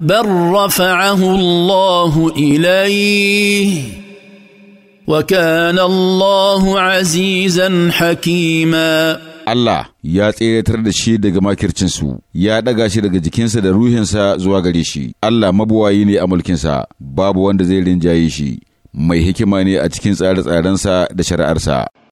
بل رفعه الله اليه وكان الله عزيزا حكيما Allah ya tseratar da shi daga makircinsu, ya ɗaga shi daga jikinsa da ruhinsa zuwa gare shi. Allah mabuwayi ne a mulkinsa, babu wanda zai rinjaye shi, mai hikima ne a cikin tsare-tsarensa da shari'arsa.